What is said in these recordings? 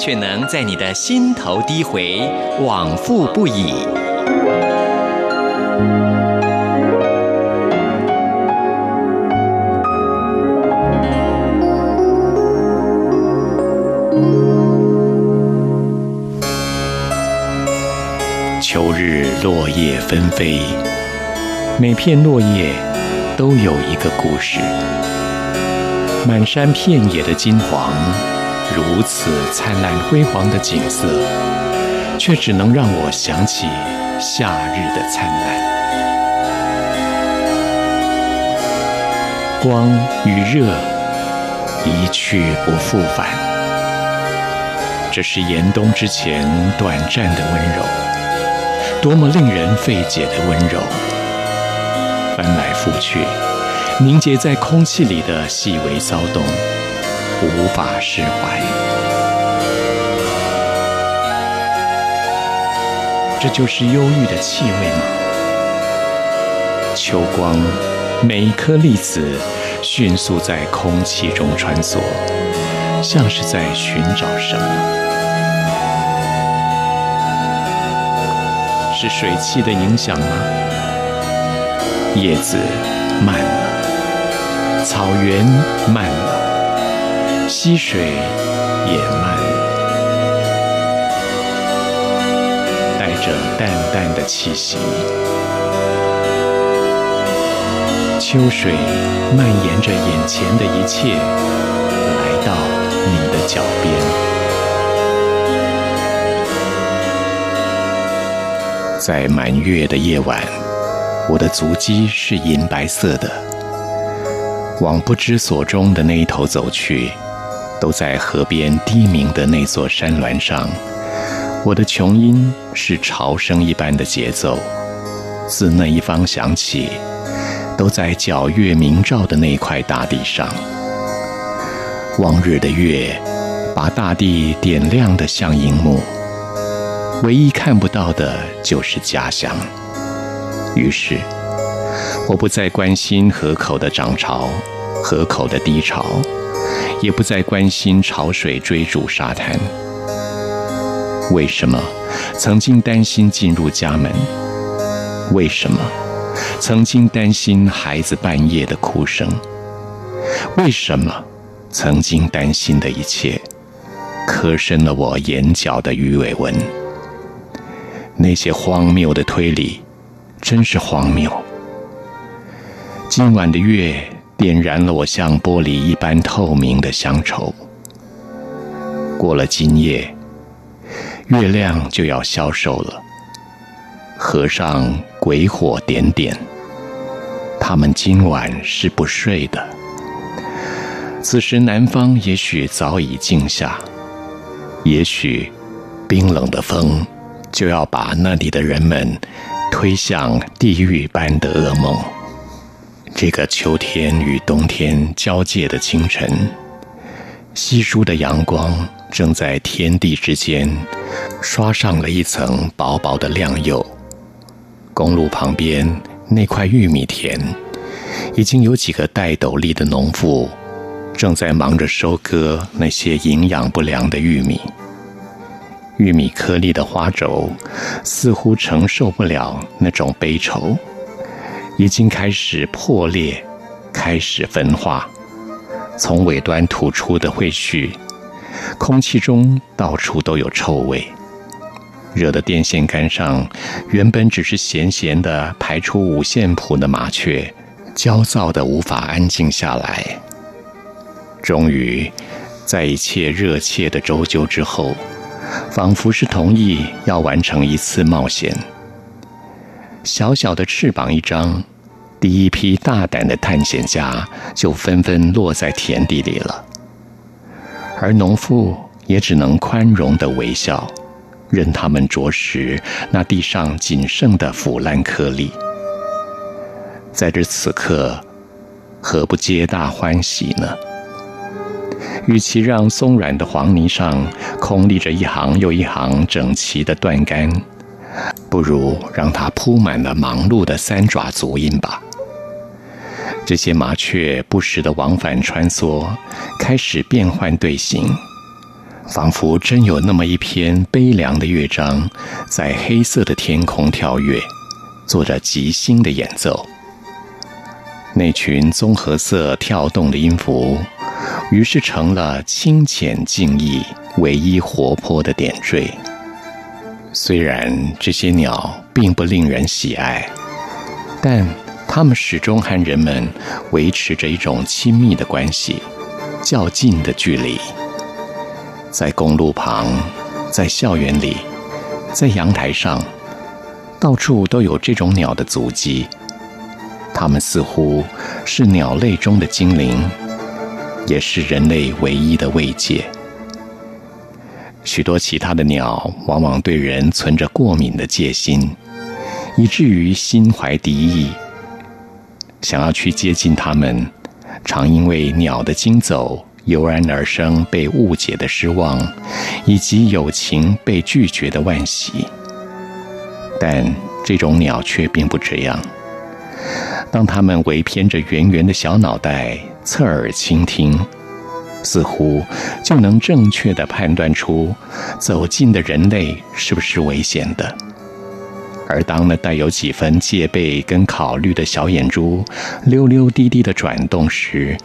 卻能在你的心頭低回，往復不已。秋日落葉紛飛，每片落葉都有一個故事。滿山遍野的金黃。如此燦爛輝煌的景色，卻只能讓我想起夏日的燦爛。光與熱一去不復返，這是嚴冬之前短暫的溫柔，多麼令人費解的溫柔。翻來覆去，凝結在空氣裡的細微騷動。無法釋懷，這就是憂鬱的氣味嗎？秋光，每一顆粒子迅速在空氣中穿梭，像是在尋找什麼？是水汽的影響嗎？葉子慢了，草原慢了。溪水也慢，帶着淡淡的氣息。秋水蔓延着眼前的一切，來到你的腳邊。在滿月的夜晚，我的足跡是銀白色的，往不知所終的那一頭走去。都在河邊低鳴的那座山巒上，我的瓊音是潮聲一般的節奏，自那一方響起。都在皎月明照的那塊大地上，往日的月把大地點亮得像熒幕，唯一看不到的就是家鄉。於是，我不再關心河口的漲潮，河口的低潮。也不再關心潮水追逐沙灘。為什麼曾經擔心進入家門？為什麼曾經擔心孩子半夜的哭聲？為什麼曾經擔心的一切，刻深了我眼角的魚尾紋？那些荒謬的推理，真是荒謬。今晚的月。點燃了我像玻璃一般透明的鄉愁。過了今夜，月亮就要消瘦了，河上鬼火點點，他們今晚是不睡的。此時南方也許早已靜下，也許冰冷的風就要把那裡的人們推向地獄般的噩夢。這個秋天與冬天交界的清晨，稀疏的陽光正在天地之間刷上了一層薄薄的亮釉。公路旁邊那塊玉米田，已經有幾個戴斗笠的農婦正在忙着收割那些營養不良的玉米。玉米顆粒的花軸似乎承受不了那種悲愁。已經開始破裂，開始分化。從尾端吐出的穢氣，空氣中到處都有臭味，惹得電線桿上原本只是閒閒地排出五線譜的麻雀，焦躁得無法安靜下來。終於，在一切熱切的啁啾之後，仿佛是同意要完成一次冒險。小小的翅膀一張，第一批大膽的探險家就紛紛落在田地裡了，而農婦也只能寬容地微笑，任他們啄食那地上僅剩的腐爛顆粒。在這此刻，何不皆大歡喜呢？與其讓鬆軟的黃泥上空立着一行又一行整齊的斷桿。不如讓它鋪滿了忙碌的三爪足印吧。這些麻雀不時地往返穿梭，開始變換隊形，仿佛真有那麼一篇悲涼的樂章，在黑色的天空跳躍，做着即興的演奏。那群棕褐色跳動的音符，於是成了清淺靜謐唯一活潑的點綴。雖然這些鳥並不令人喜愛，但它們始終和人們維持着一種親密的關係，較近的距離。在公路旁，在校園裡，在陽台上，到處都有這種鳥的足跡。它們似乎是鳥類中的精靈，也是人類唯一的慰藉。許多其他的鳥往往對人存着過敏的戒心，以至於心懷敵意。想要去接近它們，常因為鳥的驚走，油然而生被誤解的失望，以及友情被拒絕的惋惜。但這種鳥卻並不這樣，當它們微偏着圓圓的小腦袋，側耳傾聽，似乎就能正確地判斷出走近的人類是不是危險的，而當那帶有幾分戒備跟考慮的小眼珠溜溜滴滴地轉動時，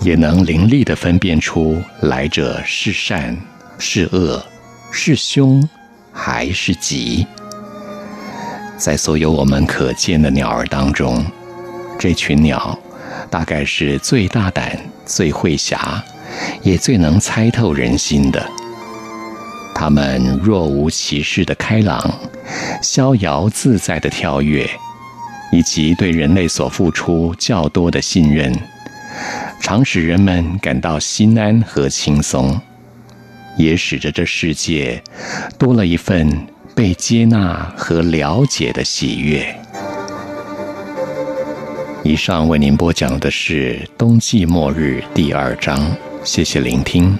也能凌厲地分辨出來者是善是惡、是凶還是吉。在所有我們可見的鳥兒當中，這群鳥大概是最大膽、最會俠，也最能猜透人心的。他們若無其事的開朗，逍遙自在的跳躍，以及對人類所付出較多的信任，常使人們感到心安和輕鬆，也使得這世界多了一份被接納和了解的喜悅。以上為您播講的是《冬季末日》第二章。謝謝聆聽。